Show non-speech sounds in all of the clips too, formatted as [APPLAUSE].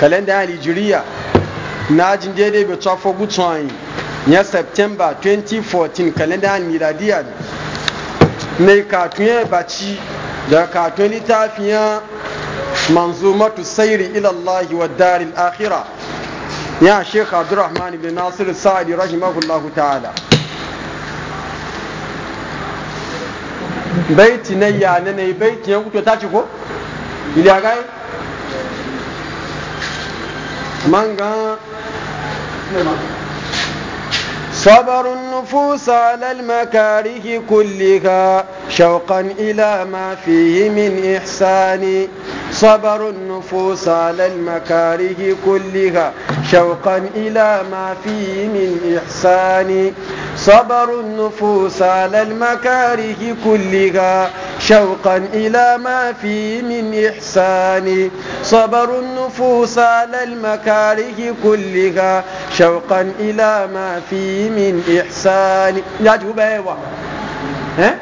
kalenda alijiriya na jin daidai bai tsofa gutsuwanyi ya september 2014 kalenda miladiya mai katun ya baci daga katun manzo matu sairi ilallahi wa daril akhira ya sheikh abdurrahman ibn nasir sa'adi rahimahullahu ta'ala baiti na ya ne baiti ya kuto ta ci ko? Ili a man ga صبر النفوس على المكاره كلها شوقا إلى ما فيه من إحسان صبر النفوس على المكاره كلها شوقا إلى ما فيه من إحسان صبر النفوس على المكاره كلها شوقا إلى ما فيه من إحسان صبر النفوس على المكاره كلها شوقا إلى ما فيه من إحسان ناجه بيوا ها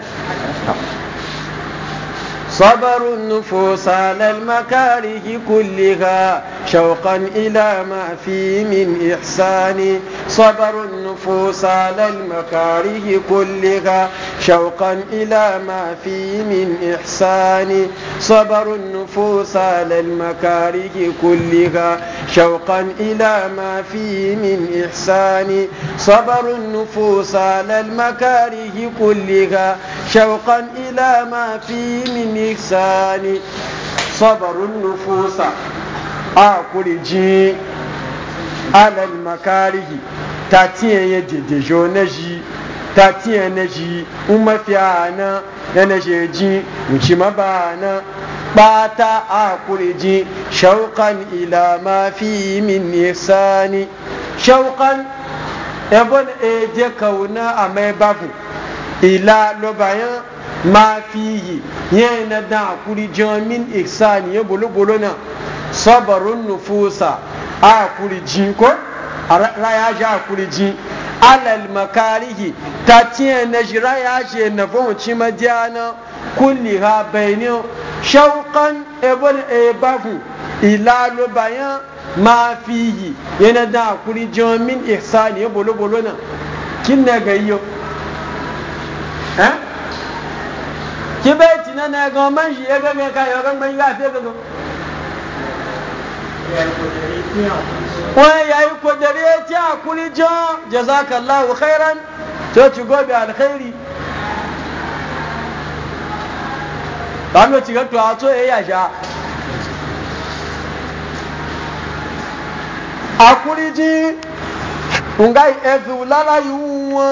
صبر النفوس على المكاره كلها شوقا إلى ما في من إحسان صبر النفوس على المكاره كلها شوقا إلى ما فيه من إحسان صبر النفوس على المكاره كلها شوقا إلى ما فيه من إحسان صبر النفوس على المكاره كلها شوقا إلى ما فيه من إحسان صبر النفوس أقول جي على المكاره تاتيه يجي جونجي ta tiya na shi in mafiya na na na sheji wuce a na bata a kurji shauƙan ila ma fi min nisani shauƙan ebon eje kauna a mai babu ila lobayan ma fi yi yana na da a kurji min isani ya bolo-bolo na sabarun nufusa a kurji ko a raya ja a kurji alal makarihi ta ciye na jira ya ce na fahimci majiyana kulli ha bayani shauƙan ebon ebafu ilalu bayan ma fiyi yana e da kuri jomin ihsani ya e bolo-bolo nan kin na gayyo ki bai tina na ga man shi ya e gaga kayo ran ban ya fi gaga wani ya yi kwadare ya ce a ah, kuli jo jazakallahu khairan to ci gobe alkhairi ba mu ci gato a to ya sha a kuli ji nga ezu ka yiwuwa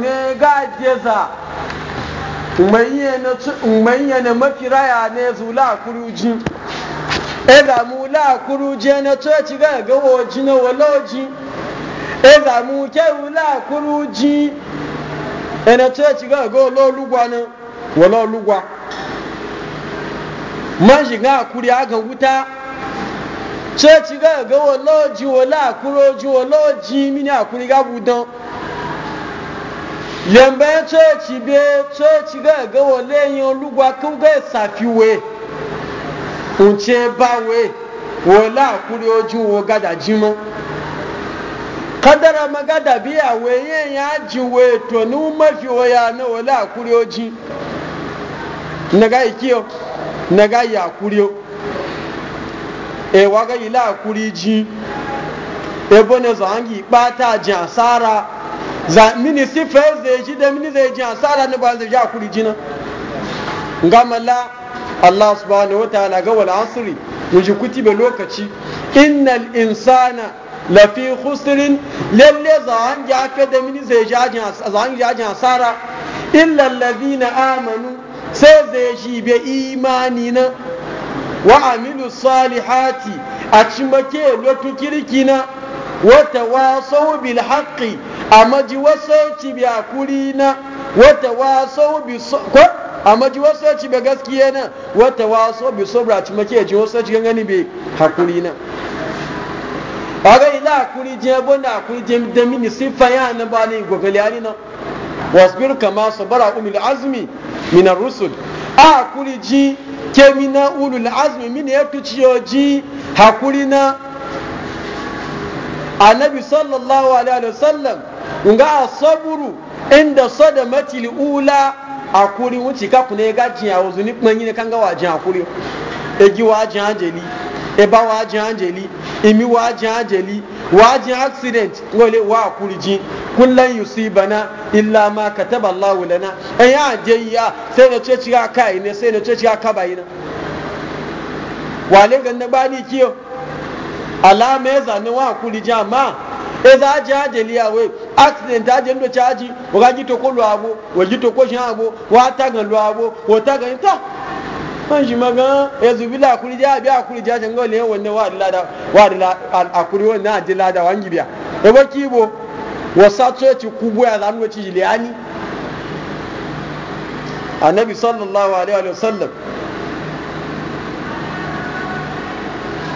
ne ga jeza umayya mafi mafiraya ne zula a ji ẹ̀dà mú láàkúrú jẹ́ ẹni na ti rẹ̀ gówó ojí náà wọ lọ́ọ̀jí ẹ̀dà mú kẹ́rù láàkúrú jí ẹni tó ti rẹ̀ gówó lọ́ọ̀lúgba olugwa. wọ lọ́ọ̀lúgba mọ́jì náà kúrì ágàn wúta tó ti rẹ̀ gówó lọ́ọ̀jí wọ láàkúrú ojú wọ lọ́ọ̀jí mí ní àkúrí gábù dán yẹ̀mbẹ́ tó ti bẹ́ tó ti olugwa ntse bawe wòlá àkúrí ojú wo gada jimá kadara magada bí àwọn èèyàn yà jí wo ètò ní wọn mọ̀fì wòyà ní wòlá àkúrí ojú nàgá ìkí o nàgá yà àkúrí o èèwà gà yìí lá àkúrí jí ebo ne zangi kpata jin asara za mini sifa zai ji da mini zai ji asara ne ba zai ji akuri jina ngamala Allah subhanahu wa ta'ala ga wal asri yaji kutibe lokaci innal insana lafi khusrin lalle zan ji aka da mini zai jajin zan jajin asara illa alladhina amanu sai zai ji be imani na wa amilu salihati a cimake lokaci kirki na wa tawasau bil haqqi amma ji wasu ci biya kuri na wata waso bi ko amma ji wasu ci biya gaskiya na wata waso bi sobra ci make ji wasu ci gangani bi hakuri na aga ila hakuri je bonda hakuri je da mini sifa ya na ba ni gogali ani na wasbir kama sabara umil azmi min ar-rusul a hakuri ji mina na ulul azmi min ya tuciyo ji hakuri na annabi sallallahu alaihi wasallam nga asoburu inda sada matili ula akuri wuce ka kuna ga jin a wazu ni kuma yine kan wajin akuri egi wajin anjeli eba wajin anjeli imi wajin anjeli wajin accident ngole wa akuri jin kullan yusibana illa ma kataba Allah lana an ya je ya sai da ce ciga kai ne sai da ce ciga ka bai na wale ganda bani kiyo alama ya zane wa akuri jama eza yawe accident ajali ndo cha aji lwabo we jito ko wa lwabo wo taga ta an shi maga ya zubi bi akuri le wonne wa dilada akuri wonne ajilada wangi biya e ba kibo wa satso ci kubo ya zanu ci jiliani annabi sallallahu alaihi wa sallam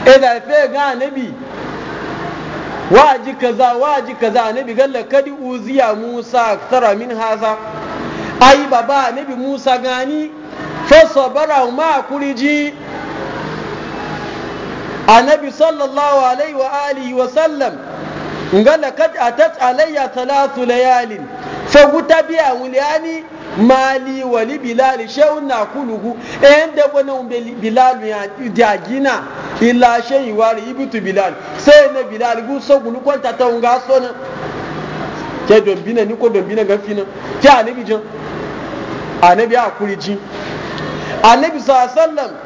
fe waji kaza waji kaza annabi galla kadi uziya musa aktara min haza ai baba annabi musa gani fa sabara ma kuriji annabi sallallahu alaihi wa alihi wa sallam galla kad atat alayya thalathu layalin fa gutabiya wuliyani mali wani bilal shehun na kulugu ɗayan da wani bilal ya jagina illa shehi wari ibitu bilal sai na bilal gu so gulu kwanta ta unga so na ke dombina ni ko dombina gafi na ke anabi jin anabi a kuriji anabi sallallahu alaihi wasallam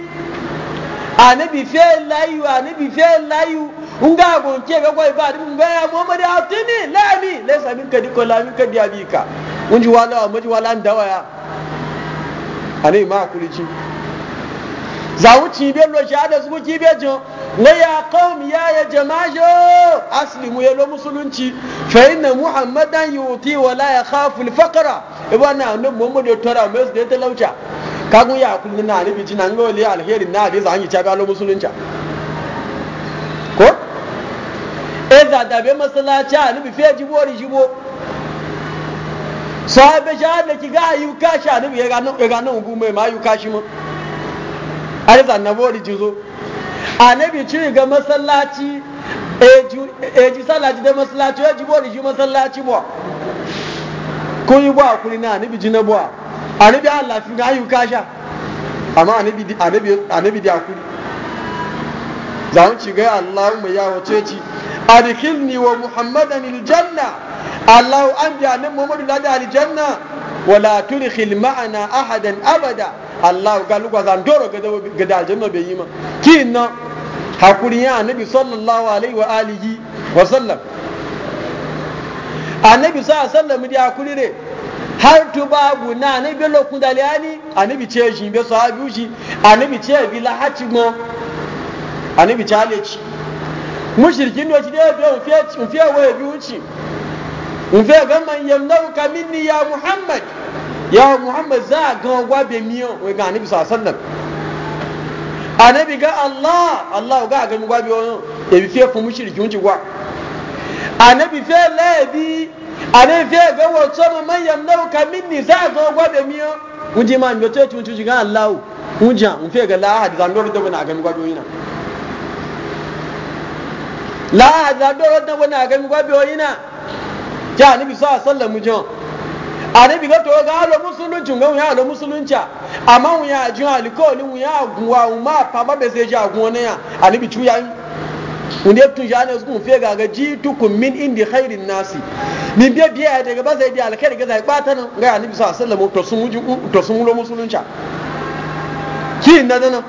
anabi bife layu anabi bife layu nga gonke ga koy ba dum ba da atini lami sabin kadi diko lami ka abika bika unji wala maji wala ndawaya anabi ma kulici zawu ci be lo sha da su ki be jo ne ya qaum ya ya jama'o aslimu ya lo musulunci fa inna muhammadan yuti wala yakhafu al-faqra ibana annabi muhammad ya tora mai da talauta kagun ya kullun na ni jina ngo le alheri na bi zan yi ta ba lo musulunci ko e za dabe be masallaci a fiye jibo fe jibo so a bai ja da ki ga yi kashi a ni ya ga nan mai ma yi kashi mu ari zan na bori jizo anabi ci ga masallaci eji salaci da masallaci ya e jibo ri ji masallaci bo kun yi bo akuri na ni jina ji a anabi Allah fi ga ayu kasha amma anabi anabi anabi da ku za mu ci ga Allahumma ya wace ci adkhilni wa muhammadan aljanna Allah an bi annabi Muhammadu da aljanna wala tudkhil ma'ana ahadan abada Allah ga lugwa zan doro ga aljanna bai yi ma kin na. hakuri ya annabi sallallahu alaihi wa alihi wa sallam annabi sallallahu alaihi wa sallam da hakuri ne har tu babu na anabi lokun daliani anabi ce shi be sahabi shi anabi ce bi la hati mo anabi ce ale ci mushrikin do ci de do fe ci wa bi uci in ga man yamnau ka minni ya muhammad ya muhammad za ga gwa be miyo we ga anabi sallallahu alaihi wasallam anabi ga allah allah ga ga gwa be won e bi fe fu mushrikin ci gwa anabi fe la bi ale fie be wo tsɔrɔ me yam na ka mi ni zaa zo gwa miyo. miɔ ji ma nyɔ tse tuntun tsi gã alawu ŋudzi a ŋufie ke laa hadiza ndɔrɔ dɔbɔ na agami gwa be yina laa hadiza ndɔrɔ dɔbɔ na agami gwa be yina tse anabi sɔ asɔlɔ mu jɔn anabi ka tɔ ka alo musulunci ŋa ŋun alo musulunci a ama ŋun y'a jɔn alikɔɔli ŋun y'a gun wa ŋun ma pama bɛ se jɛ a gun ne ya anabi tuya yi. wanda tun jana su kun fe ga ga ji tukun min indi khairin nasi ni biya biya daga ba sai biya alkhairi ga zai bata nan ga annabi sallallahu alaihi wasallam to sun wuji sun mulo musulunca ki na nan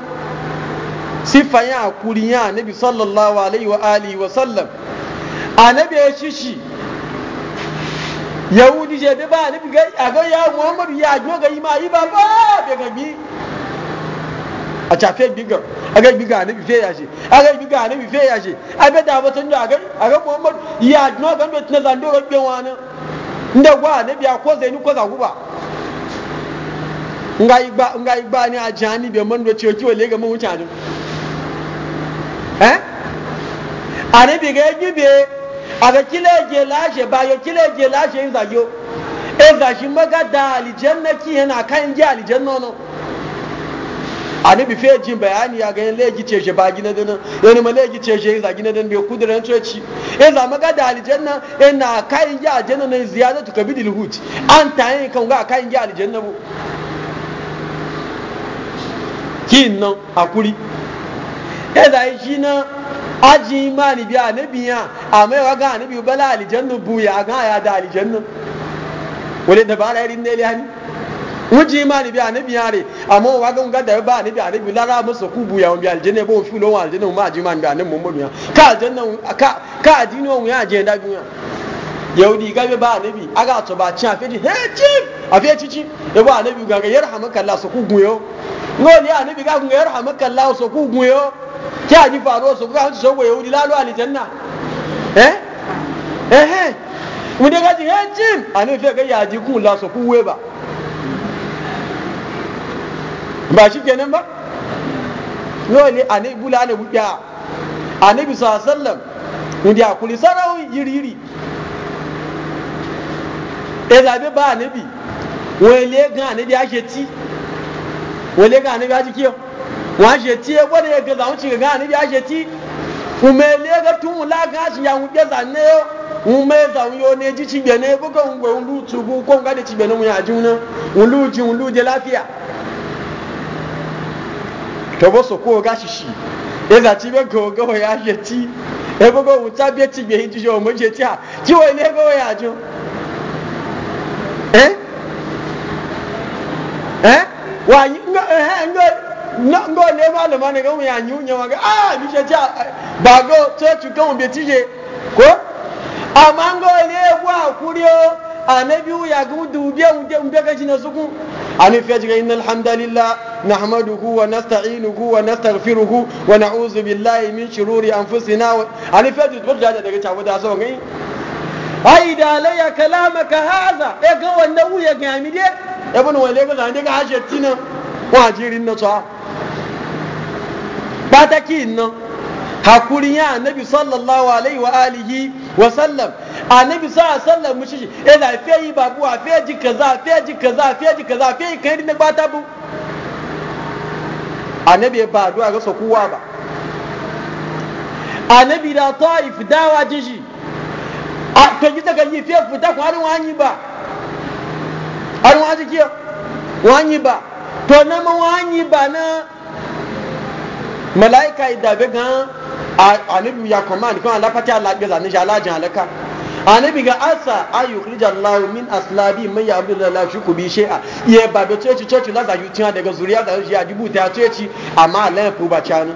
sifa ya akuri ya annabi sallallahu alaihi wa alihi wa sallam annabi ya shishi yahudi je be ba annabi ga ga ya muhammadu ya jo ga ima iba ba be ga bi a cafe bigar gai biga ne bi ce a gai biga ne bi ce a bai da batun da a aga muhammadu ya no ga no tuna zando ga biyan wani inda gwa ne biya ko zaini ko zagu guba nga yi nga ni a jani biyan man do ciwo kiwo le ga mun wuce ajin eh ane bi ga gibe aga kile je lashe ba yo kile je lashe yin za e za magada maga da aljanna ki yana kan je aljanna no anabi fe jin bayani ya ga legi ce shi ba gina dinin yani ma legi ce za gina dinin bai kudiran coci e za maga da aljanna ina e kayan ya aljanna ne ziyadatu kabidil hut an tayin kan ga aljanna bu kin nan akuri e za yi shi aji imani biya anabi ya amma ya ga anabi bala aljanna bu ya ga ya da aljanna wale da irin ne wuji ma ni bi anabi yare amma wa ga ga da ba anabi anabi la ga musu ku buya mu bi aljanna bo fi lo wa mu ma ji ma bi mu muhammadu ya ka aljanna ka ka adini on ya je da biya yaudi ga ba anabi aga to ba ci afedi he chief afi chichi e ba anabi ga ga yarhamaka allah su ku guyo ngoli anabi ga ga yarhamaka allah su ku guyo ki aji faruwa su ga su go yaudi la lo aljanna eh eh eh mun ga ji he chief anabi ga yaji ku la so ku we ba ba shi kenan ba dole a nai bula ne buɗe a nai bisa sallam inda kuli sarau yiriri e zabe ba a nabi wale gan a nabi ake ci wale gan a nabi ake kiyo wa ake ci e wale ga zaun ci gan a nabi ake ci kuma ile ga tun wula ga shi ya wuɗe zane yo kuma zaun yo ne ji ci gane bukan wuɗe wuɗe tugu ko ga da ci gane mu ya ji wuna wuluji wuluji lafiya tobo soko gashishi eza chibe gogo ya yeti ebogo utabye tigbe hijijo omoje ti a ti wo ile gogo ya jo eh eh wa eh, ngo ngo ngo ne le ya nyu ga ah bi chu ti je ko anabi ya ga dubiya unde unde ga jina suku ani fi ajga innal hamdalillah nahmaduhu wa nasta'inuhu wa nastaghfiruhu wa na'udhu billahi min shururi anfusina ani fi ajga barja da daga tawo da so ngai ai da laya kalamaka hadha e ga wannan wuya ga mi de ibn wale ga zan daga hashe tina wa jirin na tsawa ba ta kin nan hakuri ya annabi sallallahu alaihi wa alihi wa sallam annabi sa sallar mu shi e da yi ba a fiye ji kaza fiye ji kaza fiye ji kaza fe yi kai ne ba ta bu annabi ba addu'a ga sokuwa ba annabi da ta'if dawa ji shi a to ji daga yi fiye fita ko har wani ba har wani ji wani ba to na ma wani ba na malaika idabe gan annabi ya command kan alafati alagbeza ni alajin alaka anabi ga asa ayu khrija allah min aslabi man ya abdul la ku bi shay'a ye ba be ceci ceci la za yutin daga zuriya da shi dubu ta ceci amma la fu ba cani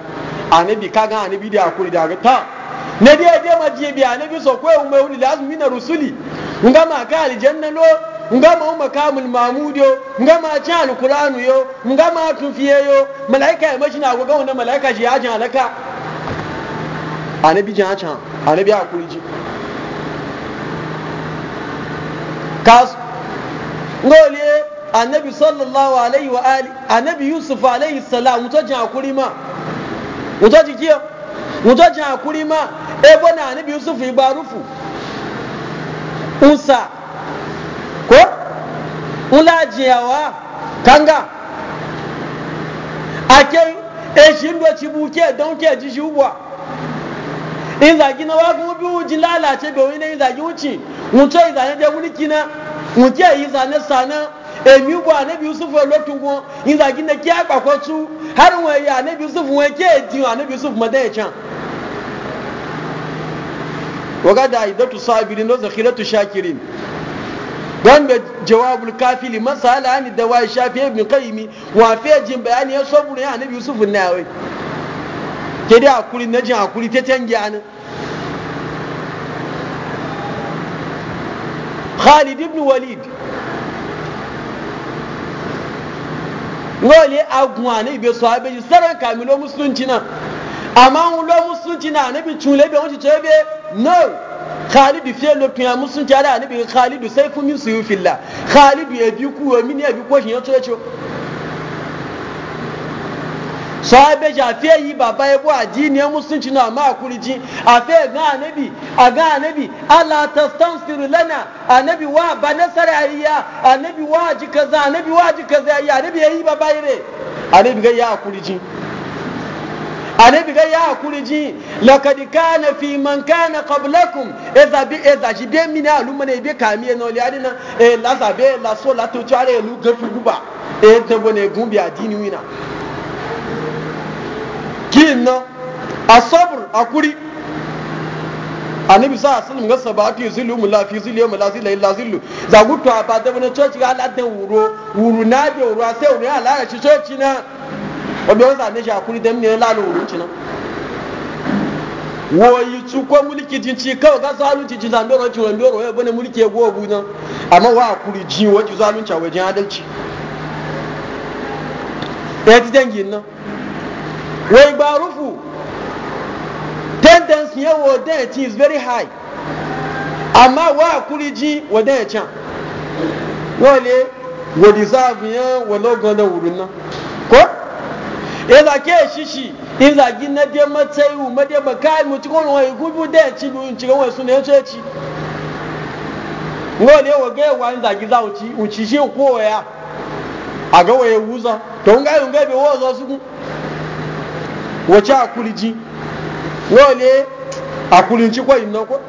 anabi ga anabi da akuri da ta ne dai dai majiye bi anabi so ko umma wuli lazmi na rusuli ngama ga aljanna lo Umma makamul mamud yo ma ci alqur'anu yo ngama tufiye yo malaika ya mashi na goga wannan malaika shi ya jin halaka anabi jin hacan anabi akuri ji kasu ngole annabi sallallahu alaihi wa ali annabi yusuf alaihi salam muto jin akuri ma muto ji kiyo muto jin akuri ma Ebo bona annabi yusuf ibarufu usa ko ulajiyawa kanga ake e shi ndo chibuke don jiji ji ubwa zagi na wa kuma bi wuji lalace bai wani zagi wuce wuce zane da mulki na wuce zane sana emi ugbo anabi yusuf in zagi na kiya kwakwatu har wani anabi yusuf wani ke edi anabi yusuf madan ya can waga da aidatu sabiri wa zakhiratu shakirin don da jawabul kafi liman sa'ala da wa shafi ibn qayyim wa fi jin bayani ya saburu ya anabi yusuf na yawai ke dai hakuri na jin hakuri ta canji anin khalid ibn walid wọ́n lé agun ànábì sọ abẹ́yí sẹ́rẹ̀ kàmí ló mùsùlùmí náà àmọ́ àwọn ló mùsùlùmí náà anabi tún bi, wọ́n ti tún lébẹ̀ náà khalidu fiye lopin a musun tare a anabi khalidu sai kun min suyu filla khalidu ya bi kuwa min ya bi ko shi ya tsoye sahabe ji afe yi baba ya bu addini ya e musulunci na ma kurji afe ga anabi a ga anabi ala tastansir lana anabi wa ba nasara ayya anabi wa ji kaza anabi wa ji kaza ayya anabi yayi baba ire anabi ga ya kurji anabi ga ya kurji laqad kana fi man kana qablakum eza bi eza ji e, be mina alumma ne be kamiye no li adina e la sabe la so la to chare lu gafi guba e tebo ne gumbi addini wina kin asabr akuri annabi sa sun ga sabatu yuzilu mu la fi zilyo mu la zilu illa zillu za gutu a bada bana coci ga aladan wuro wuru na de wuro sai wuri ala ya ci coci na obi on sa ne shi akuri dan ne la wuro ci na woyi ci ko mulki jin ci kawai ga zalunci ji zandoro ci wandoro ya bane mulki ya gowa bunan amma wa akuri ji waje zalunci a wajen adalci ɗaya ti dangin na. wai ba rufu tendency ya wa dan ci is very high amma wa kuri ji wa dan can wale wa deserve ya wa logon da wurin nan ko ya zake shishi in zagi na dai matsayi ma dai ba kai mu cikin wani gubu da ya ci biyun cikin wani suna ya ce ci wani yawa ga yawa in zagi za uci uci shi kowa ya a ga waye za to nga yi nga bi wa za su wace akuliji wale akulinci kwa yin ko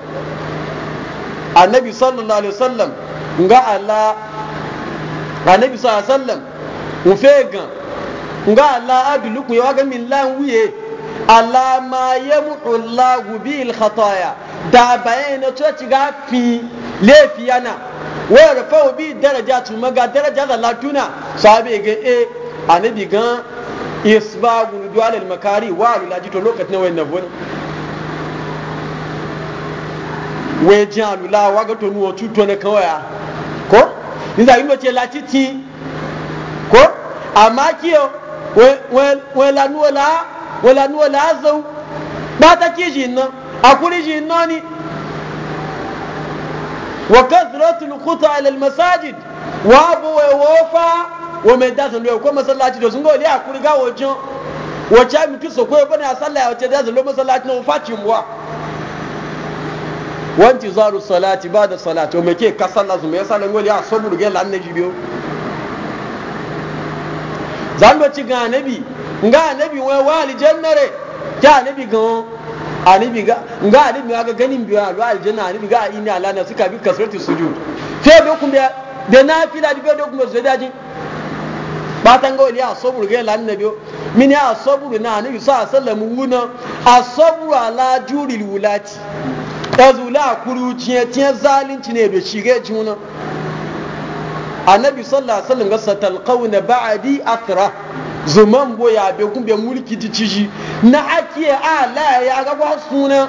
annabi sallallahu alaihi wasallam nga ala annabi sallallahu alaihi wasallam ufega nga ala aduluku ya waga min lan wiye ala ma yamhu Allahu bil khataya da bayana to ci ga fi lefi yana wa rafa bi darajatu maga daraja da latuna sahabe ga e annabi gan isbagu duwalal makari wa alulaji to lokacin na wayannan wani wai jin alula wa ga to nuwa cuto na kawaya ko ni za yi ce lati ti ko amma kiyo wai lanuwa la la zau ba ta ki ji nan a kuri jin nan ni wa kasratul khuta ila al masajid wa abu wa wafa wa mai da sun ko masallaci da sun ga waliya ku riga wajen wace mi kisa ko bane a sallah ya wace da sun masallaci na faci muwa wanti zaru salati ba da salati wa mai ke ka sallah su mai sallah ngoli a sabu rugen la annabi biyo zan do ci ga anabi nga anabi wai wali jannare ta anabi ga anabi ga nga annabi ga ganin biyo a wali jannare annabi ga ina lana suka bi kasratu sujud sai da kun da da nafila da kuma zai dajin batan ga ya sabur ga lan biyo? min ya sabur na ni sa sallam wuna asoburu ala juril wulati azula tiyan tiyan zalunci ne da shige juna annabi sallallahu alaihi wasallam ga satalqawna ba'di athra zuman boya be gumbe mulki ti ciji na akiye ala ya ga kwa suna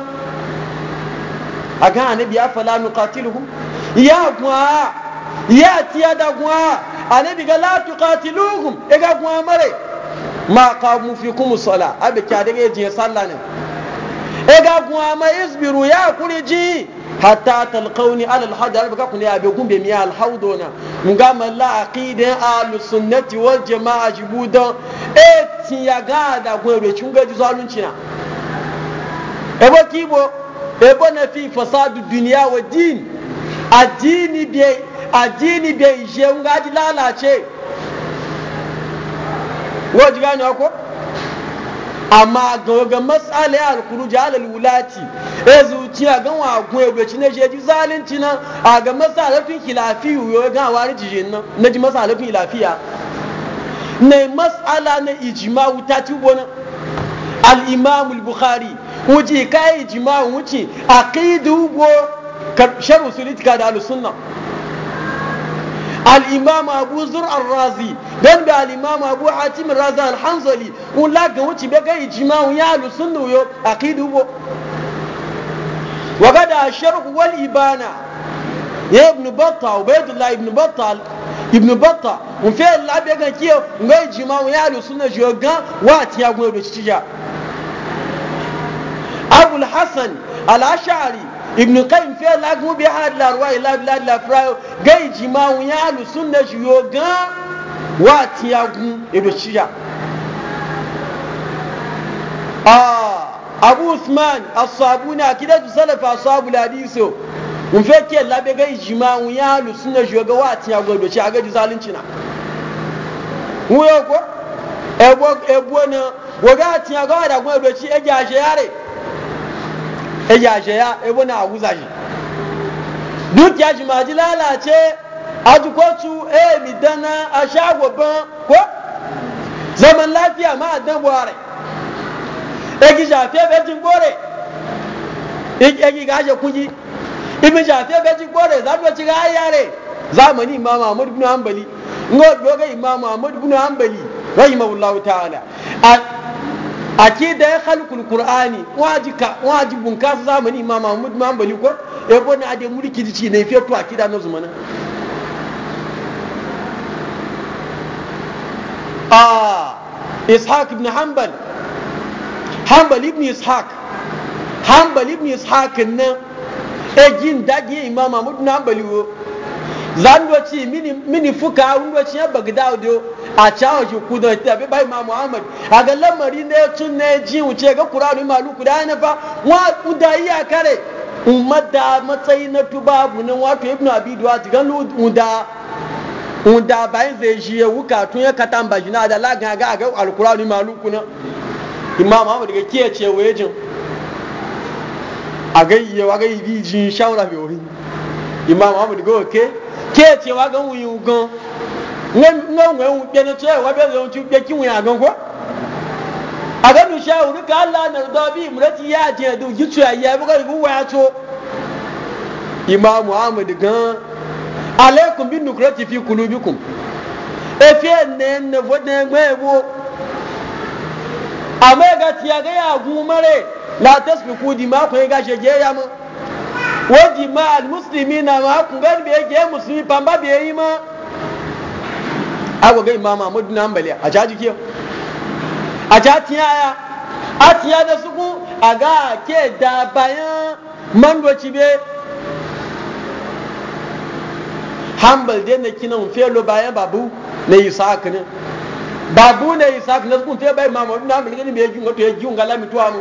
aga annabi afala nuqatiluhu ya gwa ya tiada da gwa anabi ga la tuqatiluhum e ga kuma mare ma qamu fikum sala abe ka daga je sallah ne e ga kuma ma isbiru ya kuriji hatta talqawni ala alhad alba ka kun ya be gumbe mi alhaudona mun ga la aqida ahlus sunnati wal jamaa jibuda e ti ya ga da re e cin ga zalunci na e ba kibo e bo na fi fasadu dunya wa din addini bi addini bai ishe nga ji lalace ko ji gane ko amma ga matsala ya alkuru jalal wulati e zuciya gan wa gun ebe ci jeji zalunci nan a ga matsala kilafi yiwuwa ya gawa wari jijin nan na ji matsala fin lafiya Na matsala na ijima wuta ci bona al'imamu imam al bukhari wuji kai ijma wuci aqidu go sharh da itikad al-imam abu zur ar-razi don da al-imam abu hatim razi al-hanzali un la ga wuci be ga ijma'u ya lusunnu yo aqidu bo wa gada sharh wal ibana ya ibn batta UbaidulLah ibn batta ibn batta un fe la be ga kiyo ga ijma'u ya lusunna jo ga wa ti ya gwe be ci ja abul hasan al-ash'ari ibnu qayyim fi lagu bi hal la ruwa ila la la prayo gai jima wunya alu sunna ga wa tiyagu edo shiya ah, abu usman as-sabuni akidatu salaf ashabul hadiso mun fake labe gai jima wunya alu sunna ga wa tiyagu edo shi aga ju zalunci na wuyo ebo na da gwa edo ya ya ebe na agwuza shi dukiya shi ma ji lalace a ji kotu e mi dana a shago ban ko zaman lafiya ma a dan buhari e ki shafiya bai jin gore e ki gashe kuji ibi shafiya bai jin gore za ci ga yare zamani imam muhammadu bin hanbali ngo doga imam muhammadu bin hanbali rahimahullahu ta'ala akida ya khalqul qur'ani wajika wajibun ka zamani imam mahmud mambali ko e bonna ade mulki dici ne fetu akida no zumana ah ishaq ibn hanbal hanbal ibn ishaq hanbal ibn ishaq nan e jin dage imam mahmud mambali wo zandoci mini mini fuka undoci ya bagdad yo a chawo shi ku da tabi bai ma muhammad a ga lamari ne tun ne ji wuce ga qur'ani malu ku da na fa wa udaiya kare ummar da matsayi na tubabu nan wato ibnu abidu wa ga da unda bayan zai shi ya wuka tun ya katan bajina da lagan ga ga alkurani maluku na imam ahmad ga kiyace ce wajin a gayye wa gayyi bi jin shawara bi wani imam ahmad ga ke ke cewa gan wuyu gan nan wai wuɓe na tsaye wa bai zai wuɓe kin wuya gan ko a ganu shawo ka Allah na da bi murati ya je da ji tsoya ya bi kai guwa ya to imamu ahmad gan alaikum bin nukrati fi qulubikum e fi ne ne vodne gbebo amma ga tiya ga ya gumare la tasbiku di ma ko ga wọ́n jì máa mùsùlùmí náà wọ́n á kún bẹ́ẹ̀ bí ẹgbẹ́ mùsùlùmí pàmbá bí ẹyí mọ́. agogo imam ahmadu na Ambaliya, a caji kiyo a ca tiyaya a tiya da suku a ga ke da bayan mandoci be hambal dai na kinan felo bayan babu na yi sa'akinin babu na yi na suku fe bayan Mamadu na Ambaliya ne mai yi gunga to ya giunga lamituwa mu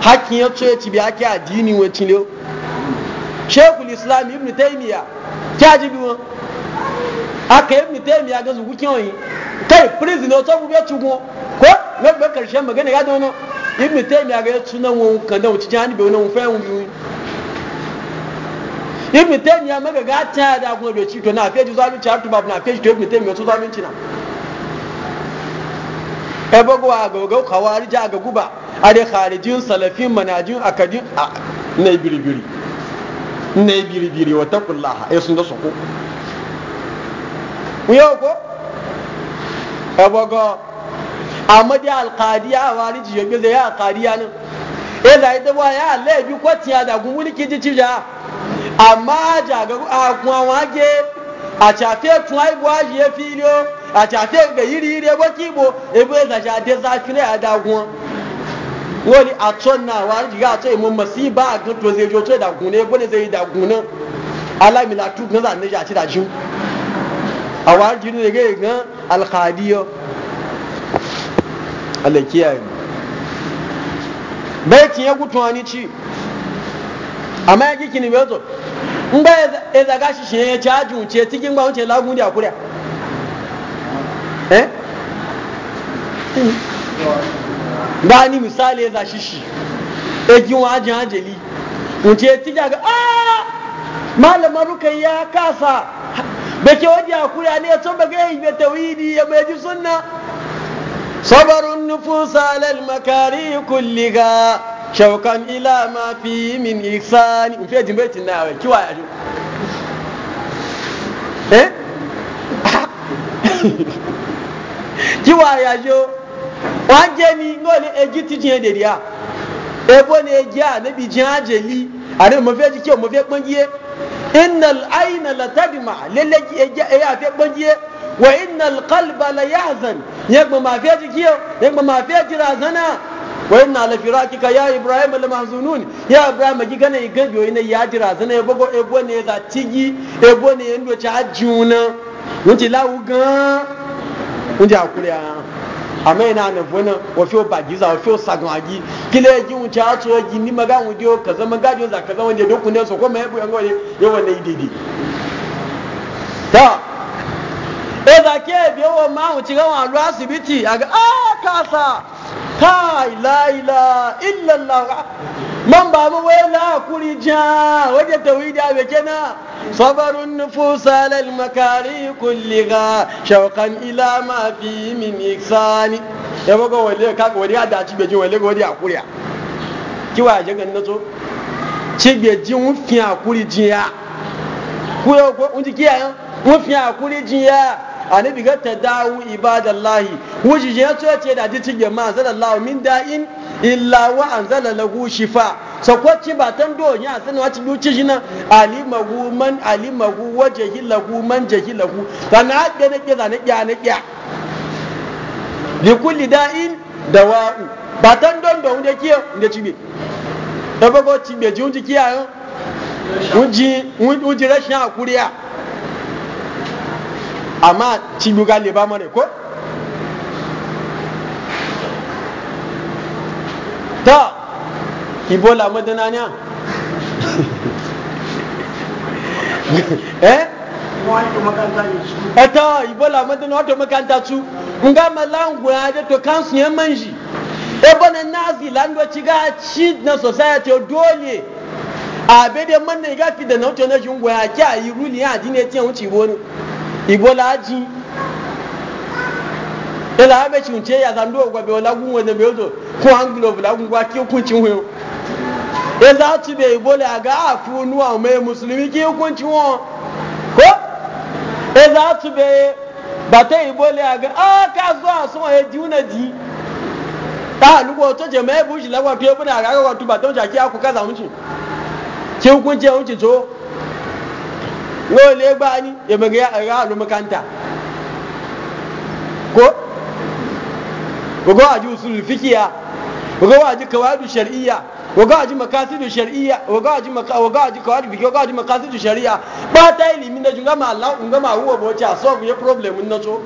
hakkin ya tsoye ci bi haki addini wa ci lew shekul islam ibn taymiya kya ji biwon aka ibn taymiya ga zugu kiyon yi kai prison o tsogu be tugo ko na be karshen magana ga dono ibn taymiya ga sunan won kan da wuci jani be won fa won biwi ibn taymiya maga ga ta da kuma be ci to na feji zalunci har tubab na feji to ibn taymiya to zalunci na e bago agogau khawarij ga guba ade kharijin salafin manajin akadin na biribiri na biribiri wa taqullaha ya sun da soko yau ko e bago amma dai alqadiya khawarij yobe da ya qadiya nan e da ita ba ya laifi ko tiya da gun wulki ji cija amma jaga a kuma wage a chafe tun ai ya filiyo a cafe ga yiri yiri ebo kibo ebo ya zaji ade zafi na ya dagun a can na wa riga a can imun masu ba a gan to zai jo to da gune ebo ne zai yi gan da shi a wa jini ne gan alkhadiyo Allah kiyaye bai tiye gutuwani ci amma ya kiki eh gani misali ya zashi shi egin wajen ajali wuce tija ga a ah! malamar rukai ya kasa da ke a akura ne ya sun baga yi mai tawidi ya mai ji sunna sabarun nufusa lal makari kulliga shaukan ila ma fi min ihsani in fiye jimbaitin na yawai kiwa ya eh [LAUGHS] kí wàá yàjọ wàá jẹ́ mi ní òní ejì ti jìyàn dèrè à ebo ni ejì à níbi jìyàn àjèlí àní mo fẹ́ jí kí o mo fẹ́ pọ́n jíye innal aina la tadima lele ejì ẹ̀yà e fẹ́ pọ́n jíye wa innal qalba la yahzan yẹn gbọ́n máa fẹ́ jí kí o yẹn gbọ́n máa fẹ́ jìrà zánà wa inna la firakika ya ibrahim la mahzunun ya ibrahim gi gane ga biyo ina ya jira zana ya gogo ebo ne za tigi ebo ne ndo cha juna wuti lawu gan wunde akure ya ama ina na bona wafi bagiza wafi sagan agi kile ji e wuce a tso e ji ni maga wunde e o kaza maga jo za kaza wunde doku ne so ko me bu yango ne yo wala ididi ta e da ke bi o ma wuce ga asibiti aga a kasa ta la ilaha illallah man ba mu wayar da hakuri ja waje tawhidi a bake na sabarun nufusa lal makari kulliga shauqan ila ma fi min ya baga wale ka wale ya da jin wale ga wale hakuri a kiwa je gan nazo cibe jin fi hakuri jiya ku yo ko unji kiyaye mu fi hakuri jiya anabi ga tadawu ibadallahi wuji je da illa wa anzala lahu shifa sakwaci ba tan do ya sanin wata duci shi nan magu man alimahu wa jahilahu man jahilahu sana hadda na ke zane kiya na kiya li kulli da'in dawa'u ba tan don don da kiyo da cibe da bago cibe ji unji kiya yo unji unji rashin hakuriya amma cibe ga le ba mare ko ta ibola madana ne eh, eh ta ibola madana wato makanta su nga malangu ya to kansu yan manji ebola nazi lando ci ga ci na society dole abe da manna ga fi da na wuce na jungo ya ki a yi ruli ya ji ne tiyan wuce wani ibola ji ila abe ci wuce ya zando gwabe wala gunwa da bezo ko an glove la gungwa ki hukuncin huyo ya e za ci bai bole a ga afi nuwa mai musulmi ki hukuncin wọn ko ya e za ci bai ba yi a ga a ka zo a sun ya ji una ji ta alugo to je mai bushi lagwa fiye buna ga ga tuba don jaki aku kaza ki hukuncin mun ci to lo le gba ni ya maga ya ga alu makanta ko gogo a usul fikiya waga waji kawadu shar'iyya waga waji makasidu shar'iyya waga waji maka waga waji kawadu biki waga waji makasidu shar'iyya ba ta ilimin da junga ma Allah unga ma huwa boce a so ya problem mun nato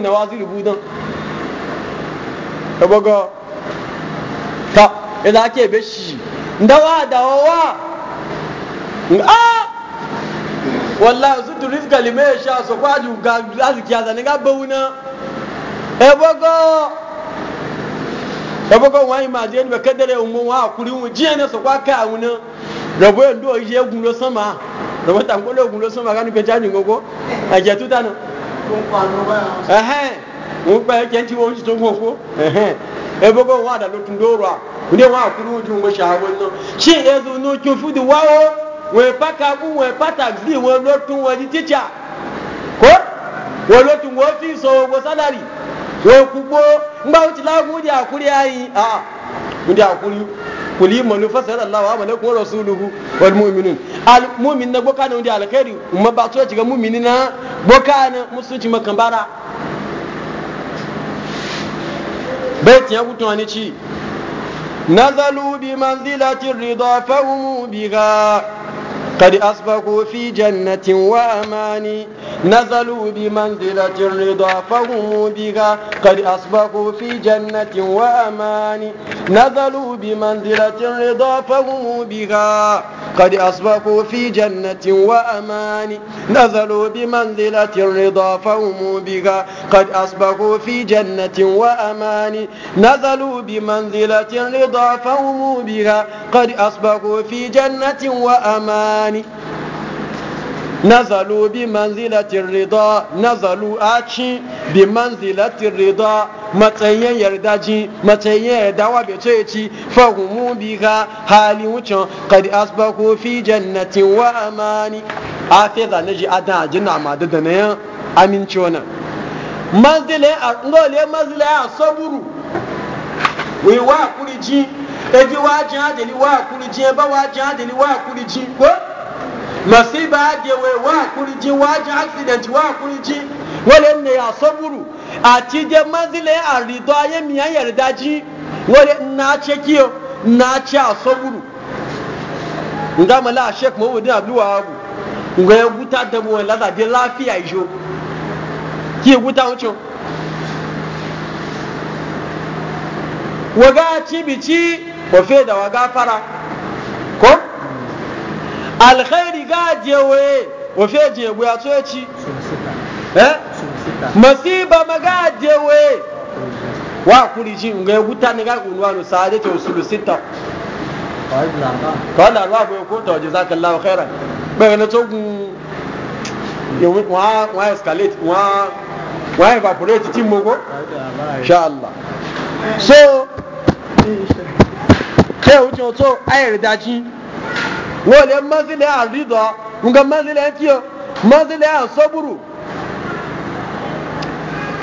na wazi rubudan ta baga ta idan ake beshi ndawa dawawa a ah! wallahi su turis kalime sha so kwaju ga azikiya zanin ga bauna e bago ẹ̀fọ́kọ́ wọn yìí máa jẹ́ níbẹ̀ kẹ́dẹ́rẹ́ òun wọn àkúrí wọn jíẹ̀ ní sọ̀kọ́ àká àwọn náà rọ̀bọ̀ yẹn lóò yẹ egun ló sánmà rọ̀bọ̀ tàǹkó lé egun ló sánmà ká ní pẹ̀já ní gbogbo ẹ̀jẹ̀ tó dáná. wọn pa ẹ̀jẹ̀ tí wọn ti tó gbogbo ẹ̀fọ́kọ́ wọn àdàlọ́ tún lóòrò à ní wọn àkúrí wọn tí wọn ṣe àwọn náà ṣé ẹ̀sùn ní ojú fúdi fi wai kugbo in ba wuce lagu da ya yi. a a da hakuri kuli manu fasara Allah wa malaikum rasuluhu wal mu'minun al mu'min na boka na wanda alkhairi umma ba so shiga mu'mini na boka na musulunci makan bara bai tiya gutu ne ci nazalu bi manzilati ridha fa biha قد أصبحوا في جنة وأمان نزلوا بمنزلة الرضا فهم بها قد أصبحوا في جنة وأمان نزلوا بمنزلة الرضا فهم بها قد أصبحوا في جنة وأمان نزلوا بمنزلة الرضا فهم بها قد أصبحوا في جنة وأمان نزلوا بمنزلة الرضا فهم بها قد أصبحوا في جنة وأمان imani nazalu bi manzilatin rida nazalu aci bi manzilatin rida matsayin yarda ji matsayin yarda wa ce ci fahimu bi ka hali wucin kad asbaku fi jannatin wa amani a fi zane ji adan ajina ma da da nayan aminci wannan manzilai a ngole manzilai a saburu wa kuri ji eji wa jin adeli wa akuri jin eba wa jin adeli wa akuri jin ko masiba adewe wa akuri jin wa jin accident wa akuri jin wale nne ya soburu ati je manzile arido aye mi an yarda ji wale na ce kiyo na ce a soburu nga mala sheik mawudin abdulwahabu nga ya guta da mu wala da lafiya ijo ki guta wucin waga ci bici wa fe da wa gafara ko alkhairi ga jewe wa fe je guya so yaci eh masiba maga jewe wa kuri ji ga guta ne ga kunwa no sade to sulu sita kawai da arba ko ko ta waje zakallahu khairan bai na togun wọ́n escalate wọ́n evaporate tí mo kó so kai wuce wato ayar daci wale manzile a ridwa nga manzile a tiyo manzile a saburu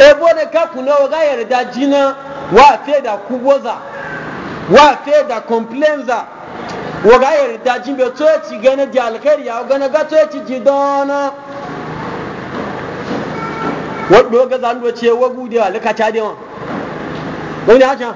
ebo ne kaku na da yarda na, wa fe da kuboza wa fe da complainza waga da jin be to ci gane di alkhairi ya gane ga to ci jidona waddo ga zan do ce wagu da alkata da wannan ya haka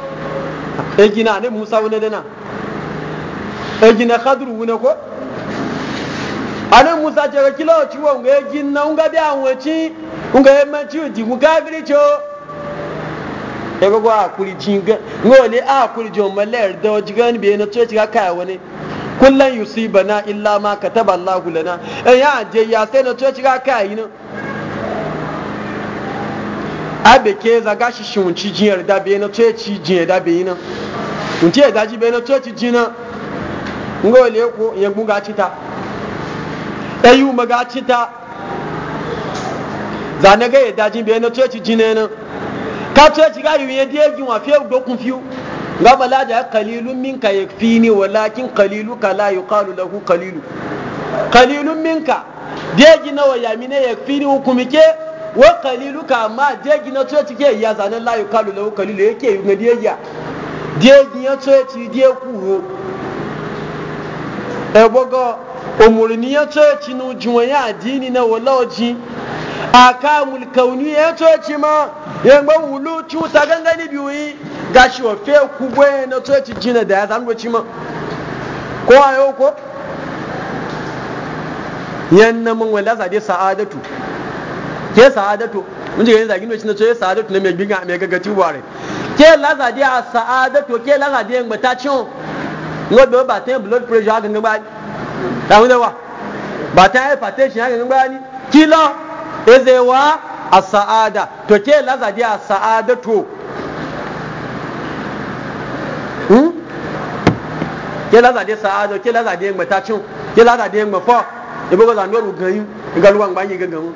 egina ne musa wune dana egina khadru wune ko ane musa jere kilo chiwo nge egina unga bi awon chi unga e manchi oji ngu kafiri cho ebe go akuri jinga ngo le akuri jo maler do jigan bi na cho chiga kaya wani kullan yusibana illa ma kataba allah lana e ya je ya sai na cho chiga yi ni abe ke zaga shi shi wunci jin da be na to ci jin da be na wunci yarda ji be na to ci jin na ngo le ko ya gunga cita ayu maga ci ta zane ga yarda ji be na to ci jin na ka to ci ga yuye die gi wa fe dokun fiu ga bala da qalilun minka yakfini walakin qaliluka la yuqalu lahu qalilu qalilun minka die gi na wa yamine yakfini hukumike wa ma amma gina na ti ke ya la yu kalu lau kalilu yake yi ga degiya jegi ya tsoci die kuro ebogo umurni ya ti nu juwa ya adini na walawaji akamul kauni ya ti ma ngo wulu ta gangani biyu yi gashi wa fe kugwe na ti jina da ya ti ma ko ayo ko yanna mun wala sa'adatu ke sa'adatu mun ji ga zagin lokacin da ya sa'adatu ne mai ginga mai gaggaci ware ke lazadi a sa'adatu ke lazadi yan bata cin ngo be ba tan blood pressure ga ni, da hu da wa ba tan hypertension ga ngba ni kilo ezewa a sa'ada to ke lazadi a sa'adatu hmm ke lazadi sa'adatu ke lazadi yan bata cin ke lazadi yan mafa ibo ga zanuru gayu ga luwan gbanyi gagamu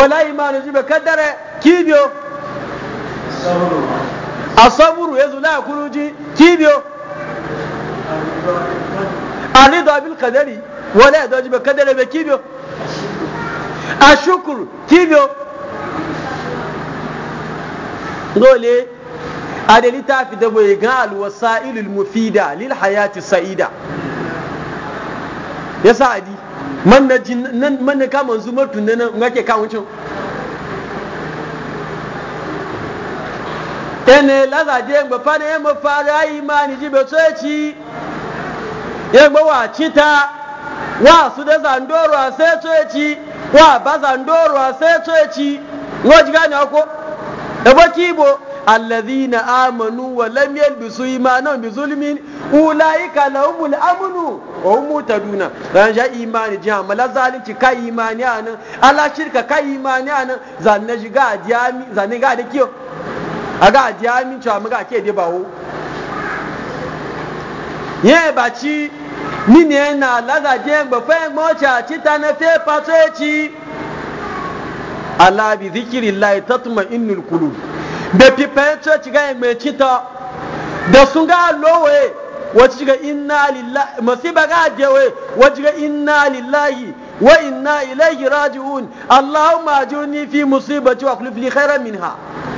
wala imanu jibe kaddare kibyo asaburu yanzu la kuruji kibyo alidu abil kadari wala ya dojibe kaddare be kibyo ashukuru kibyo dole a da littafi da bai ga alwasa ilil mufida lil hayati sa'ida ya sa adi manna jin nan manna ka manzu martun nan ngake ka wucin ene lazade ngba fana yemma fara imani jibe tsoci yemma wa cita wa su da za zandoro a sai tsoci wa ba za zandoro a sai tsoci ngoji gane ko da bakibo alladhina amanu wa lam yalbisu imanan bi zulmin ulaika lahumul amnu wa hum mutaduna dan ja imani ji amala zalunci kai imani anan ala shirka kai imani anan zanne shiga ajami zanne ga da kiyo aga ajami cha muga ke de bawo ye bachi nini na alaga je gbe fe mo cha chita na fe pato ci, ala bi zikrillah tatma innul qulub da fifayen coci ga ya e mai cita da sun ga lowe wacce ga inna lillahi masiba ga jewe wacce ga inna lillahi wa inna ilaihi raji'un allahumma ajurni fi musibati wa akhlif li khairan minha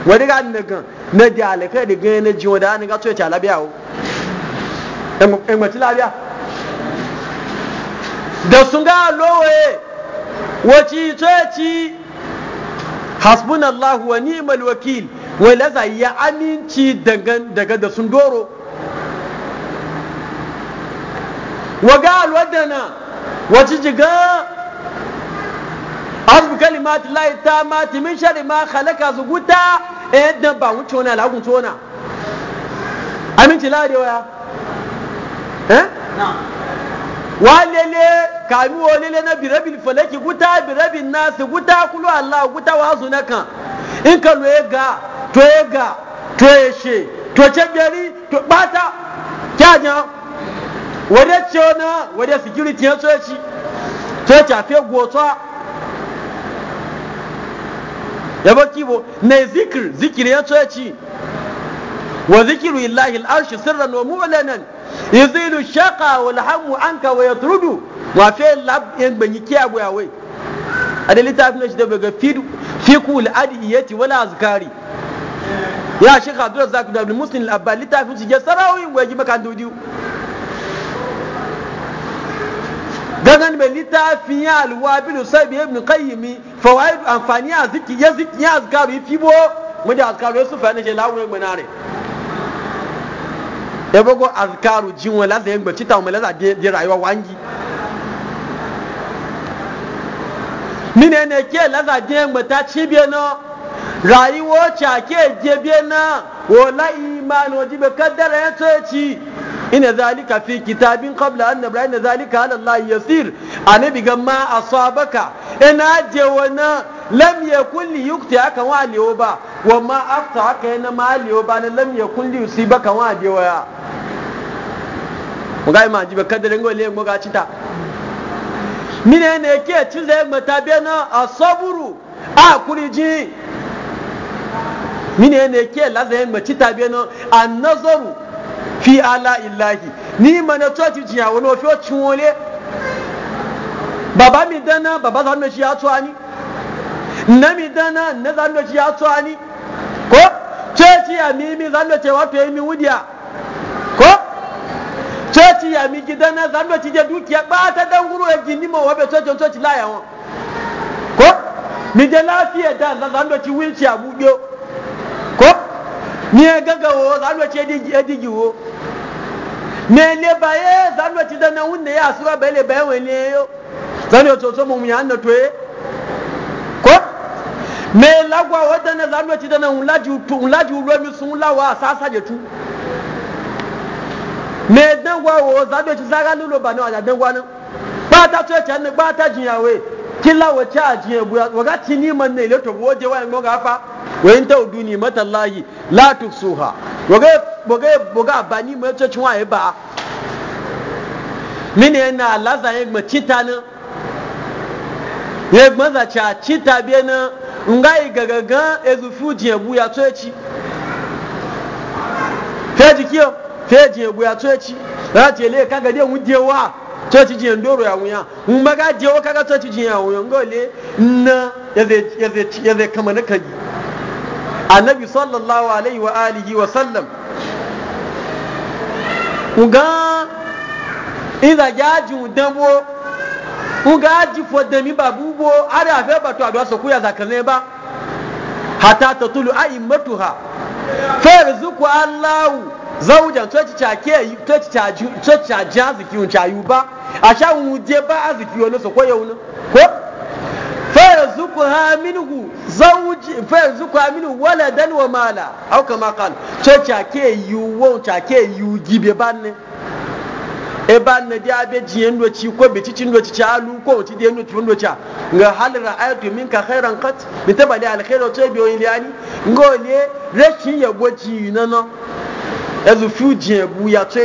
wa daga annagan na da e alaka e da ga na jiwa da an ga coci alabiya o en mati labiya da sun ga lowe wacce coci hasbunallahu wa ni'mal wakil wai laza ya aminci daga da sun doro waga alwadana wace jiga arzu kalimati layi ta mati min shari ma halaka zuguta yadda eh, ba wuce wani alagun tona aminci larewa ya eh lele kami walele na birabil falaki guta birabil nasu guta kulu allah guta wa na kan in ka ga to ga to yeshe to chebeli to bata kyanya wade chona wade security ya tsoci to ta fe gotsa yabo kibo ne zikir zikir ya ci wa zikiru illahi al'arshi sirran wa mu'lanan yuzilu shaqa wal hamu anka wa yatrudu wa fe lab yan banyi kiyabu yawe adalita fi na shi da adi, fiku al'adiyati wala azkari ya shi khadura zaku da ibn muslim al-abba littafin su je sarawin waje maka gangan gagan mai littafin ya alwabilu sabi ibn qayyim fawaid amfani ya ziki ya ziki ya azkaru fibo mu da azkaru su fa ne je lawo mai nare ya bago azkaru jin wala ya gbaci ta mu laza je rayuwa wangi mine ne ke laza je gba ta cibe no rayuwa cake jebe na wala imani wajibe kaddara ya ci ina zalika fi kitabin qabla an nabra ina zalika ala Allah yasir anabi ga ma asabaka ina je wana lam yakun li yukti aka wa liyo ba wa ma afta aka ina ma liyo ba na lam yakun li yusibaka wa je waya mu mugai ma jibe kaddara ngo le ngole ga cita mine ne ke ci zai mata bena asaburu a kuri kuriji mine ne ke lazayin mace tabe no a nazaru fi ala illahi ni mana coci jiya wani ofi ocin wole baba mi dana baba za mu shi ya tuwa ni na mi dana na za mu shi ya tuwa ni ko coci ya mi mi za mu ce wato ya mi wudiya ko coci ya mi gidana za mu ci je dukiya ba ta dan guru ya gini ma wabe coci coci la yawon ko mi je lafiya da za mu ci wheelchair buɗe ko ni ya gagawo za a ce ya eh, digiwo me le baye za a ce dana wunde ya asuwa bai le baye wani ne yo zan yi toto mu ya hannu toye ko me lagwa wadana za a ce dana wulaji ruwa sun lawa a sasa je tu me dangwa wo za a ce zaga lulo ba na dangwa nan ba ta ce can ba ta jiyawe kila wace a jiyawe wakati ni man ne ile to waje wayan goga fa wa in taudu ni matallahi la soha boga boga boga bani mai ta cinwa ya ba mini yana a ya gba cita ne ya gba za biya na nga yi ya to ci fe jikiyo fe ya to ci za ce le kaga dai mu dewa ci ya wuya mu maga ya zai ya zai kama na annabi sallallahu alaihi wa alihi wa sallam uga ina jaju dabo uga ji fo dami babubo ara afe bato adwa so kuya zakane ba hata tatulu aimatuha farzuku allahu zawujan to ci cake to ci caju to ci caju aziki cayu ba asha un je ba aziki wani so koyo ko fayazukuha minhu zawji fayazukuha minhu waladan wa mala aw kama qal to wo gibe banne e banne dia be jiyen do ci ko be ci cin do alu ko ci de nuti do ci nga hal ra'aytu minka khairan qat bi tabali al khairu to bi reshi ya ezu fu bu ya to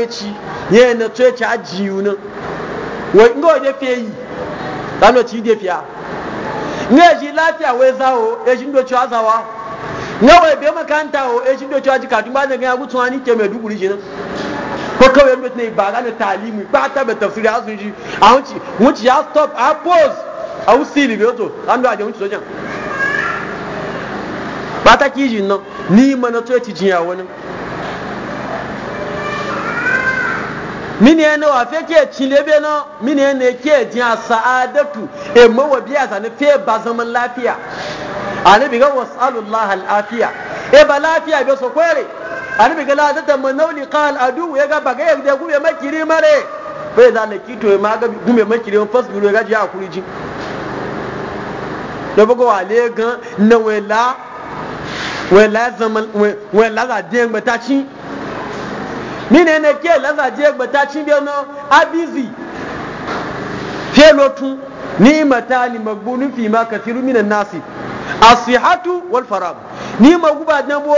ye na na wo fe yi de ní èyí láfíà wé zá o èyí ń dojú àzá wa ní ọwọ́ ìbí e makaranta o èyí ń dojú àjí kàdúgbà ní gẹ́gẹ́ agútún wa ní tẹ̀mẹ̀ dúkùrú yìí náà ko kawai yadda ne ba gane talimi ba ta bai tafsiri a shi a wuce wuce ya stop a pause a wuce libeto an da a wuce sojan ba ta kijin nan ni mana to e ya ci jiya wani mini yana wa fe ke cilebe na mini yana ke asa sa'adatu e wa biya sani fe ba zaman lafiya anabi ga wasallallahu al'afiya e ba lafiya be so kwere anabi ga ladata manauli qal adu ya e ga baga ya e da gube makiri mare fe za ki to e ma ga gube makiri fasbiru ya ga ji akuri ji da bugo ale gan na wela wela zaman wela za den gbata ci Ni ne ke laza je gbata cinde no abizi felotu ni mata ni magbunu fi ma kathiru minan nasi asihatu wal farab ni maguba na bo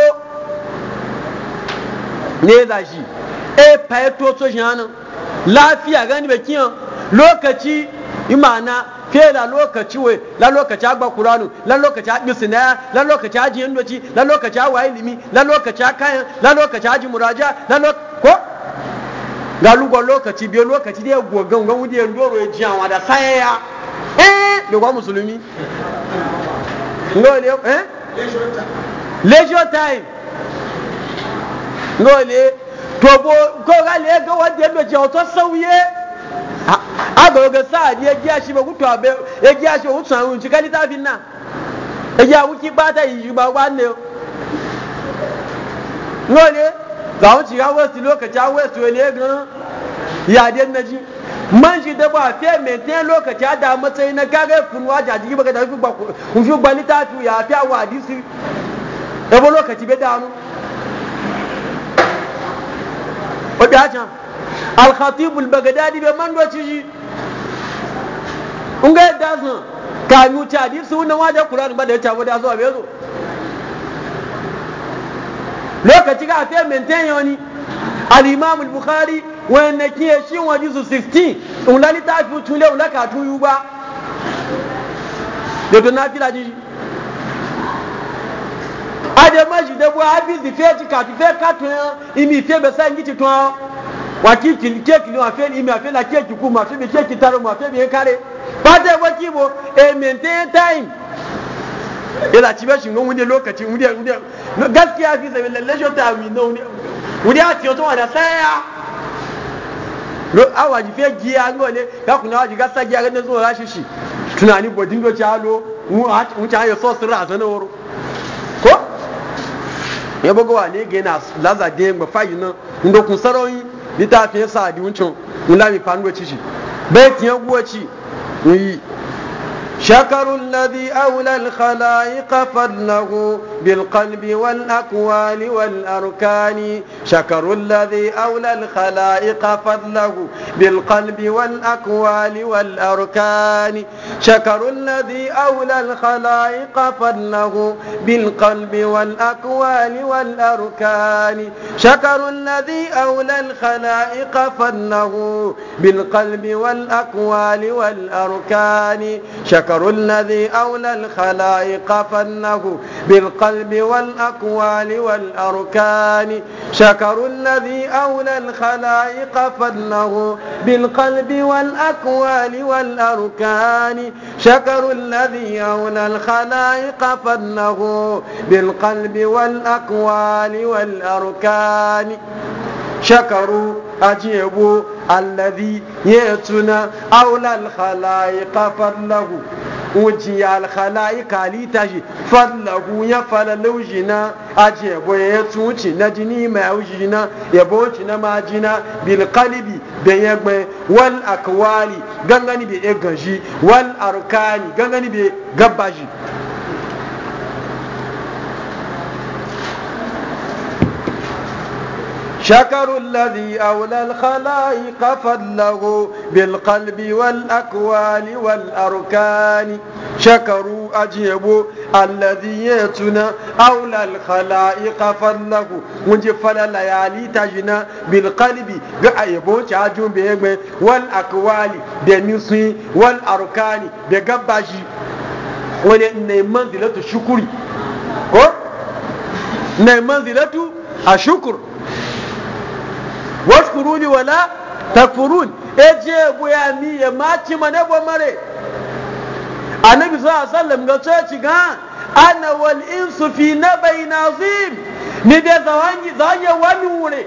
ne da shi e paeto so jana lafiya gani be kiyan lokaci imana Fela lokaci we la lokaci agba qur'anu la lokaci abi sinaya la lokaci aji indoci la lokaci awa ilimi la lokaci kayan la lokaci aji muraja la ko ga lugo lokaci biyo lokaci da gogan gan wudi ndoro ya ji anwa da ya eh le gwa musulmi ngole eh leisure time ngole to bo ko ga le ga wadde lo je o to sauye aga oge saadi egia shi ba kutu abe egia shi otu anwu nchi kali ta finna egia wiki bata yi yi ba wanne ngole ga wuci ga west lokaci a west wele gan ya den naji man shi da ba fe maintain lokaci a da matsayi na kare funu jaji ba ga da fi ba kun fi gbali ta tu ya fi awa hadisi ebo lokaci be danu o bi a can al-khatib al be man do ci unga da ka mu ta di su na waje qur'an ba da ta wada zuwa be zo lokaci ga ta maintain yoni al-imam al-bukhari wanda ke shi waje su 16 ula litafi tule ula ka tuyu ba da na fila ji ademaji debo abi di fe ti ti fe ka tun imi fe be sa ngi ti tun waki keki ni wafe ni imi afe la keki ku mafe bi taro mafe bi kare fata wa kibo e eh, maintain time ila ci ba shin wunde lokaci wunde gaskiya fi sabi lalle sho ta mi no wunde wunde a tiyo to saya lo awa ji fe a ngole ka kuna wa ji ga sa gi a ga ne zo ra shi shi tunani bodin do woro ko ya bugo wa na lazade ngba fayi kun littafin sa'adi wuncin wula mai fanuwa ci shi bai tiyan guwa ci yi شكر الذي أولى الخلائق فضله بالقلب والأقوال والأركان شكر الذي أولى الخلائق فضله بالقلب والأقوال والأركان شكر الذي أولى الخلائق فضله بالقلب والأقوال والأركان شكر الذي أولى الخلائق فضله بالقلب والأقوال والأركان شكر الذكر الذي أولى الخلائق فنه بالقلب والأقوال والأركان شكر الذي أولى الخلائق فنه بالقلب والأقوال والأركان شكر الذي أولى الخلائق فنه بالقلب والأقوال والأركان شكروا أجيبوا allazi ya tuna aulal khala'iqa fallahu uji alkhala'iqa li tashi fallahu ya falalu jina aje yabo ya tuci na jini mai ujina yabo ci na majina bil qalbi da yagbe wal akwali gangani bi egaji wal arkani gangani bi gabaji شكر الذي أولى الخلائق فضله بالقلب والأكوان والأركان شكروا أجيبوا الذي يتنا أولى الخلائق فضله ونجفل الليالي تجنا بالقلب بأيبو تاجون بيغم والأكوان بنصي والأركان بقباشي ونعمان ذلة الشكر نعمان ذلة الشكر washkuruni wala takfurun eje buya mi ya maci mana bo mare annabi sallallahu alaihi wasallam ga coci ga ana wal insu fi nabai nazim ni be zawangi zanya wani wure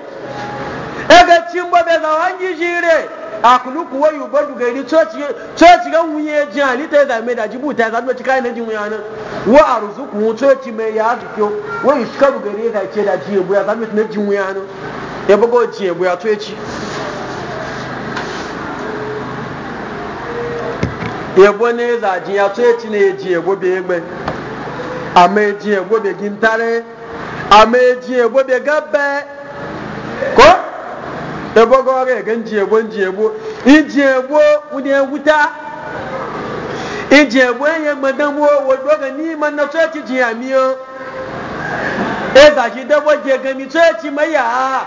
ega cimbo be zawangi jire akuluku wa yubadu gairi coci coci ga wunye jali ta da me da jibu ta zanu cikai na jin yana wa arzuku coci me ya zuke wa iskaru gairi da ce da jibu ya zanu na jin yana ebego oji egbe atụ echi egbo na eze aji ya atụ echi na-eji egbobe egbe ama eji egbobe gị ntare ama eji egbobe gabe ko ebego ọrụ ega nji egbo nji egbo iji egbo ụdị ewuta. iji egbo enye gbedemgbo wodo oge n'ime nnatụ echi ji ya Eza eze aji debo ega egemi tụ echi ma ya ha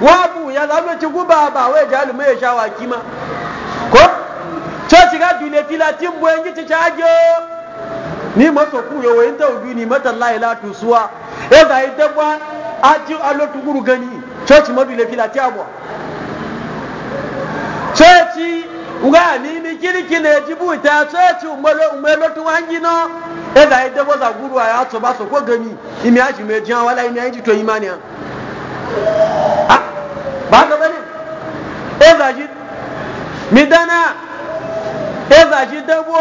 wabu ya zama ci guba ba wai jalu mai sha waki ma ko to shiga duniya filatin boyen gici cajo ni maso ku yo wayin ta ubi ni mata la ila tusuwa e da ita ba aji alo tukuru gani church madu le filati abo church uga ni ni kiriki ne jibuta church umelo umelo tuwangi no e da ita za guru aya to ba so ko gani imi aji me jian wala imi aji to imani Midana ka bane e zaji mi dana e zaji dabo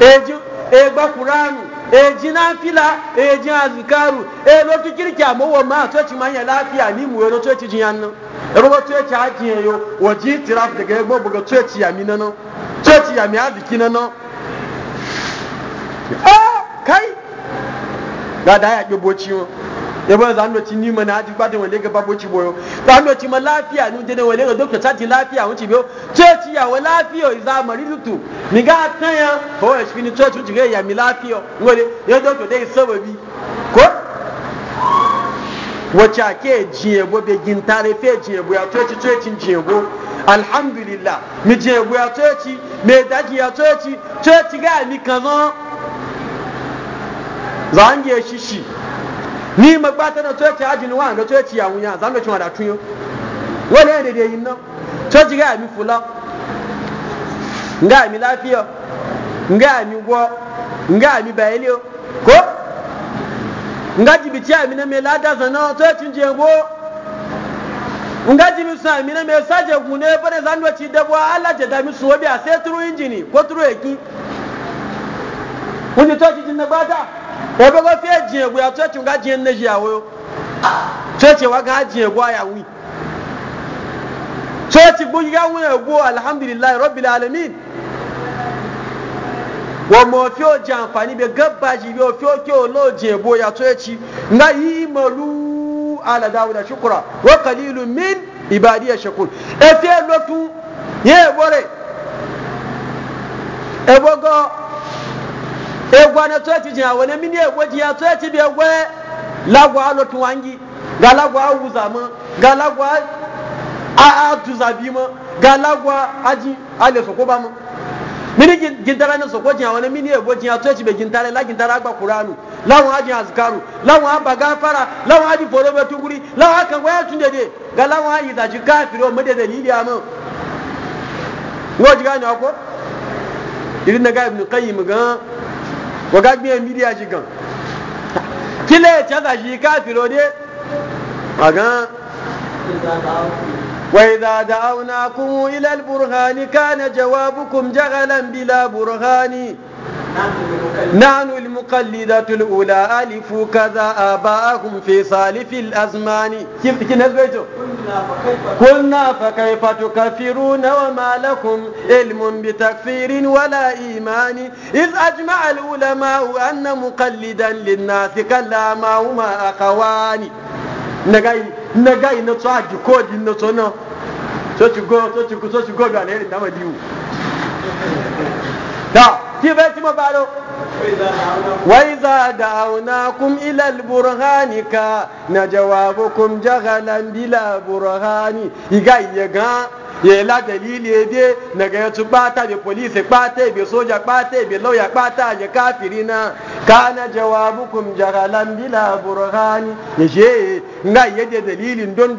e gba kuranu e ji nafila e ji azikaru e lotu kirki amowo ma to ci manya lafiya ni mu yoro to ci jiyan nan ruwa to ci hajiye yo waji tiraf daga egbo buga to ci yami nan to ci yami aziki nan ah kai ga da ya ke boci ya ba zanu ci ni mana ji ba da wale ga babo ci boyo zanu ci ma lafiya nu wale ga doctor sati lafiya biyo ya wa lafiya iza mi ga ga ya mi lafiya ngole ya doctor dai sababi ko ake fe ya alhamdulillah mi ya mai daji ya toci toci ga mi shishi ni magbata na coci ajin wa da coci ya wunya zan lokacin da tun wani ne da yin nan coci ga mi fula nga mi lafiya nga mi go nga mi bayeliyo ko nga jibiti a mi na me lada zana cocin jego nga jimi su a mi na me saje gune bane zan lokacin da bo Allah ya dami su wabi a sai turu injini ko turu eki kun ji coci jin na gbata ebe ko fiye jin egwu ya tsoci ga jin na ji yawo tsoci wa ga jin ya alamin wa mo fi o be gabba be o fi o ke ya tsoci na yi malu ala shukura wa min ibadiya shakur e lotu ebogo egwa na tsoci jiya wani mini egwa jiya tsoci bi egwa lagwa alo wangi ga lagwa awuza mu ga lagwa a a tuzabi mu ga lagwa aji ale soko ba mu mini gintara na soko jiya wani mini egwa jiya tsoci bi gintara la gintara agba kuranu lawon aji azkaru lawon aba gafara lawon aji forobe be tuguri lawon akan waya tun dede ga lawon aji da ji kafiro mu dede ni dia mu wo jiga ni ako irin na ga ibn qayyim gan waga biyan midiya shi gan kila ya canza shi kafiro ne a وإذا دعوناكم إلى البرهان كان جوابكم جغلا بلا برهان نحن المقلدة الأولى ألفوا كذا آباءهم في سالف الأزمان كيف تكين هزبيتو قلنا فكيف تكفرون وما لكم علم بتكفير ولا إيمان إذ أجمع العلماء أن مقلدا للناس كلاما هما أخوان نجاي نجاي نتواجه كود نتونا سوتشو سوتشو سوتشو غو غالي نعمل ديو دا كيف تمو بالو وإذا دعوناكم إلى البرهان كان جوابكم جهلا بلا برهان يقال يقال ya la dalili ya de daga ya bata bi polisi bata bi soja bata bi lauya bata ya kafiri na kana jawabukum jahalan bila burhani je ya dalilin don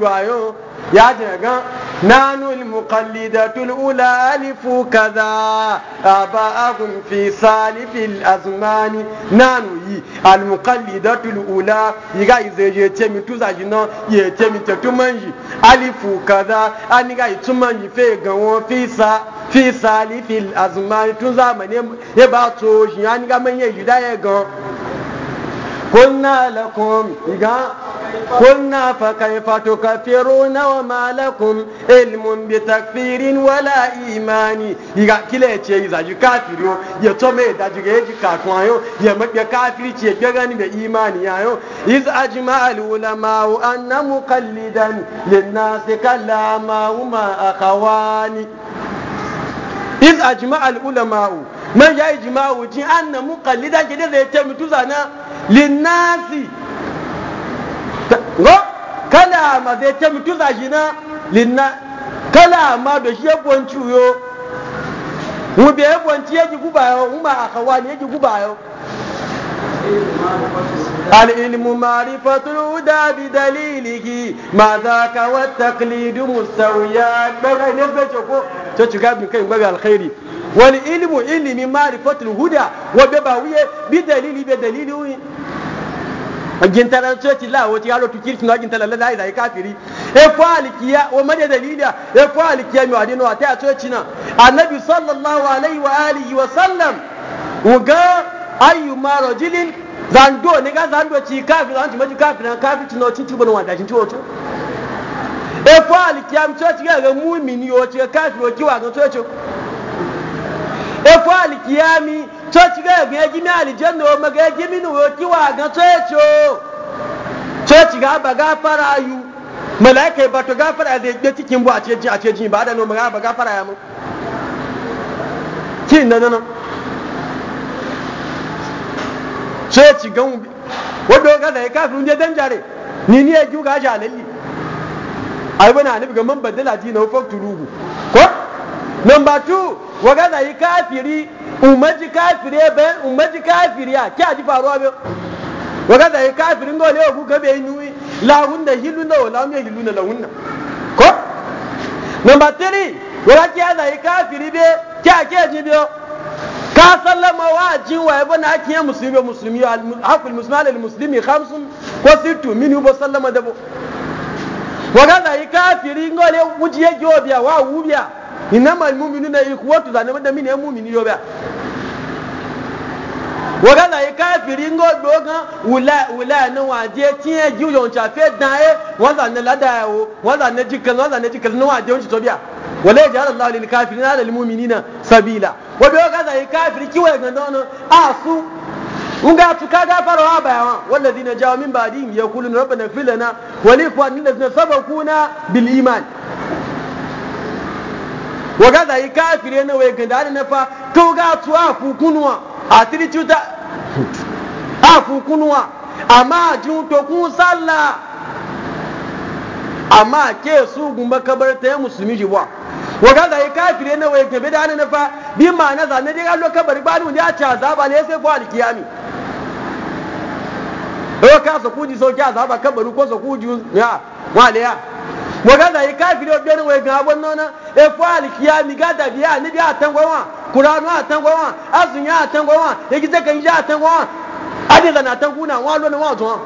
ya jaga nanu al-muqallidatul ula alifu kaza aba'ahum fi salifil nanu yi al-muqallidatul ula tuza jina ye alifu kaza aniga itumanji fe fi sa fi salifil tun zamani ya ba to manye gan قلنا فكيف تكفرون وما لكم علم بتكفير ولا إيمان يقع كلا يتشي إذا يكافر يتوم إذا يكافر يكافر يكافر بإيمان إذ أجمع العلماء أن مقلدا للناس كلاما هما أخواني إذ أجمع العلماء من يجمع وجه أن مقلدا كده زي تمتوزانا للناس ro kala ma zai ta mutu za shi na linna kala ma da shi ya kwanci yo mu bai ya kwanci ya ki guba yau mu a kawa ne ya ki guba yau al mari ma'rifatul huda bi dalili ki, ma za ka wa taqlidu musawiya daga ne zai ce ko ta ci gabin kai gbaga alkhairi wal ilmu ilmi ma'rifatul huda wa ba wuye bi dalili bi dalili gintara coci la wata yaro tu kirkin wa gintara la dai kafiri e ko alikiya wa made dalila e ko alikiya mi wadin wa ta coci na annabi sallallahu alaihi wa alihi wa sallam uga ayu marajilin zando ne ga zando ci kafi zan ci maji kafi na kafi ci no cin ci bonwa da cin ci wato e ko alikiya mi coci ga ga mu'mini yo ci kafi wa kiwa ga coci e ko alikiya mi church ga ga ji mi aljanna o ma ga ji mi no ki wa ga church o church ga ba ga fara ayu. malaika ba to ga fara da ga cikin bu a ce ji a ce ji ba da no ma ga ba ga fara ya mu kin nan nan church ga mu wado ga da ka fun je dan jare ni ni ya ju ga jalalli ai bana annabi ga man badala dinahu fakturuhu ko number 2 wa ga da yi kafiri umaji kafire ben umaji kafiriya kya ji faruwa be waga da kafirin gole ku yi nuyi la hunna hiluna wala hilu hiluna lahun na ko number 3 waga kya da kafiri be kya kya ji biyo ka sallama wajin wa yabo na ake musulmi musulmi hakul musulmi alal musulmi khamsun ko sittu min yubo sallama dabo waga da kafiri gole wuji yake obiya wa wubiya innamal mu'minuna ikhwatu zanama da min ya mu'mini yobiya wọ́gálà yìí káfìrí ńgọ́ gbóògán wùlẹ̀ ẹ̀nu wọn àti etí ẹ̀ jí òyò ọ̀nchà fẹ́ dán ẹ̀ wọ́n sàn ní ládà ẹ̀ o wọ́n sàn ní jìkẹ̀lẹ̀ wọ́n sàn ní jìkẹ̀lẹ̀ ní wọn àti oúnjẹ tóbi à wọ́lẹ̀ ẹ̀jẹ̀ àlọ́ lọ́wọ́ lè káfìrí náà lẹ́nu mímí nínà sabila wọ́n bí wọ́gálà yìí káfìrí kíwọ́ ẹ̀gàn dánú jawo min تكادا فروا بها والذين جاءوا من na, يقولون ربنا اغفر لنا ولإخواننا الذين سبقونا بالإيمان waga da yi kafire na wai ganda da nafa to ga tu a kukunuwa a tiri cuta a kukunuwa amma a jin to kun sallah amma ke su gumba kabar ta yi musulmi ji ba waga da yi kafire na wai gabe da nafa bi ma na zane da allo kabar ba ni ya ci azaba ne sai ko alkiyami ko ka sa kuji sauki azaba kabaru ko sa kuji ya waliya wagaza yi kafiri obere wai ga abon nona e ko alkiya mi ga da biya ni biya tan gwawa qur'anu a tan gwawa azunya a tan gwawa e gize kan ja tan gwawa adi ga na tan wa lo na wa zo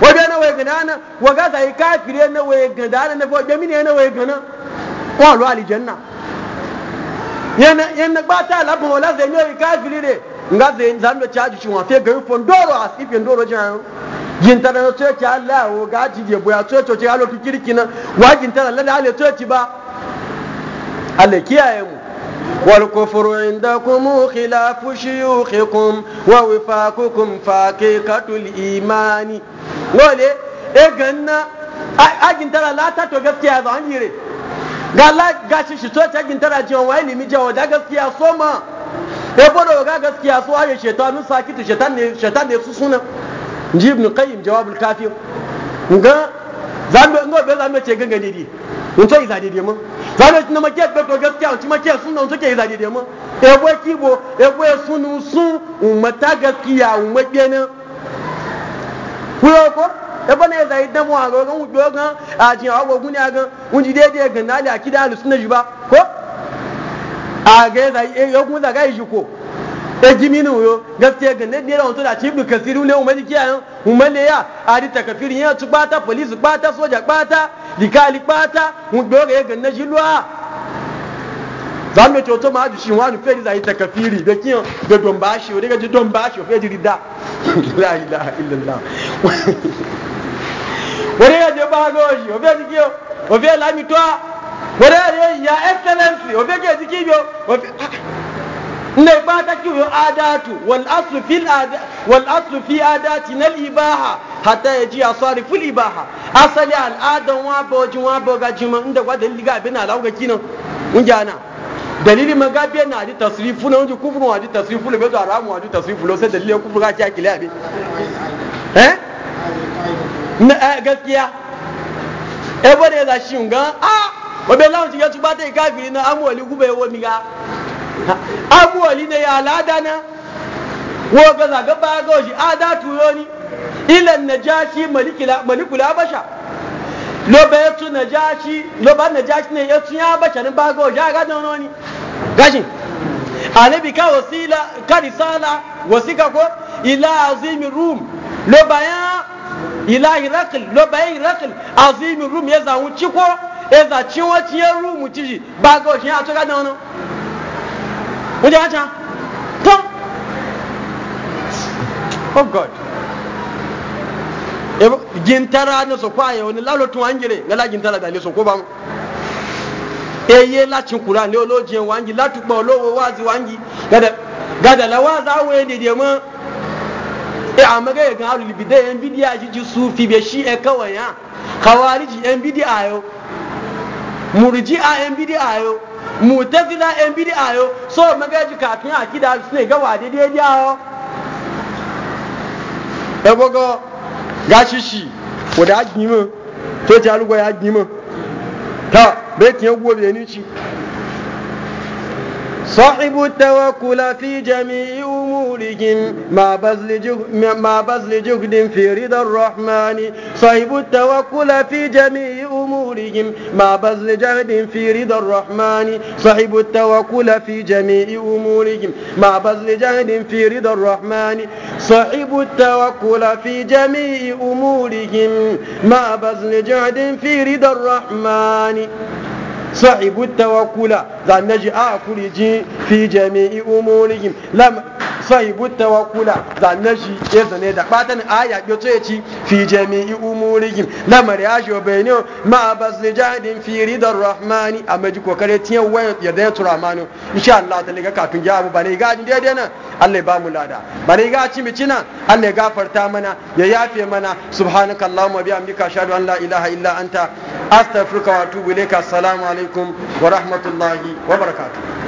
wabe na wai gana na wagaza yi kafiri na wai ga da na fo be mi ne na wai gana wa lo aljanna yana yana ba ta labun wala zai ne kafiri ne nga zai zan da caji shi wa fe ga yufon doro asifin doro jiran. gintana na coci Allah wo ga ci je boya coci ce halo fi kirki nan wa gintana lalla hale coci ba Allah kiyaye mu Wani wal kufru indakum khilafu shuyukhikum wa wifaqukum faqiqatul imani wale e ganna a gintana la ta to gaskiya ba an yire ga la ga shi shi coci gintana jiwon wai wani jawo da gaskiya so soma e bodo ga gaskiya so a aje shetanu sakitu shetan ne shetan ne su sunan ji ibn qayyim jawabul kafir nga zambe ngo be zambe ce ganga didi mun sai zade de mun zambe tun ma ke to gaskiya mun ke sun nan suke zade de mun e bo bo e bo sunu sun ummata gaskiya ummake na kuyo ko e bana ya zai mu a gogon wujo gan a ji a gogun ne a gan mun ji daidai gan na da akida alusunna ji ba ko a e, e, ga zai e yogun da ga yi ko e jimini uyo gaskiya ga ne dira wato da ci ibnu kasiru ne umma dikiya yan umma ne ya adi takafirin ya tu kpata, police kpata, soja bata dikali bata mun gbe ga ga na jilwa zan me to ma ju shi wa nu feri zai takafiri da kiyan da don bashi o daga ji don bashi o feri da [LAUGHS] la ilaha illallah wore ya je ba goji o feri kiyo o feri lami to wore ya ya excellency o feri ke dikiyo o feri ne ba ta kiwo adatu wal aslu fi adati na ibaha hatta ya ji asari fil ibaha asali al'adan wa bojin wa boga jima inda kwa dalili ga bin na ga kinan unjana dalili maga biya na di tasrifu na unji kufru wa di tasrifu le bezo aramu wa di tasrifu lo sai dalili kufru ga kiya kile abi eh na eh, gaskiya e eh, da ah wabe ga na amu wali gube wo abuwali ne ya lada na wo ga zaga ba ga shi ada turo ni ilan najashi malikul basha, lo ba yatu najashi lo ba najashi ne yatu ya basha ni ba ga shi ga don ni gashi anabi ka wasila ka risala wasika ko ila azimin rum lo ya, ila hirakil lo ya hirakil azimin rum ya zanwu ciko ya zaci waciyar rumu ciji ba ga shi ya tuka da wani Hujata? To. Oh God. Ebo gintara na so kwaye wani lalo tun angire ngala gintara da le so ko ba mu. Eye lati ne ni oloje wangi tu po olowo wazi wangi gada gada la waza we de de mo. E amaga ya ga alu libide yan bidiya shi ji sufi be shi e kawai ya. Khawariji yan bidiya yo. Murji'a yan bidiya yo. mutazila yan bid'a yo so magaji kafin a gida su ne ga wade daidai yo e bogo gashi shi wada ajimi to jalugo ya ajimi ta bai tiyan gobe ni ci صاحب التوكل في جميع أمورهم مع بذل مع بذل جهد في رضا الرحمن صاحب التوكل في جميع أمورهم مع بذل جهد في رضا الرحمن صاحب التوكل في جميع أمورهم مع بذل جهد في رضا الرحمن صاحب التوكل في جميع أمورهم مع بذل جهد في رضا الرحمن sahibu tawakkula za na ji a kuriji fi jami'i umurihim lam sahibu tawakkula za na ji ya da batan aya ya ce ci fi jami'i umurihim lamar ya shi bayani ma abas li jahadin fi ridar rahmani a maji kokare tiyan waya ya da turamani insha Allah ta liga katun ya abu bane ga daidai nan Allah ya ba mu lada bane ga ci micina Allah ya gafarta mana ya yafe mana subhanakallahumma bihamdika ashhadu an la ilaha illa anta astaghfiruka wa atubu ilaika assalamu alaikum alaikum wa rahmatullahi wa barakatu.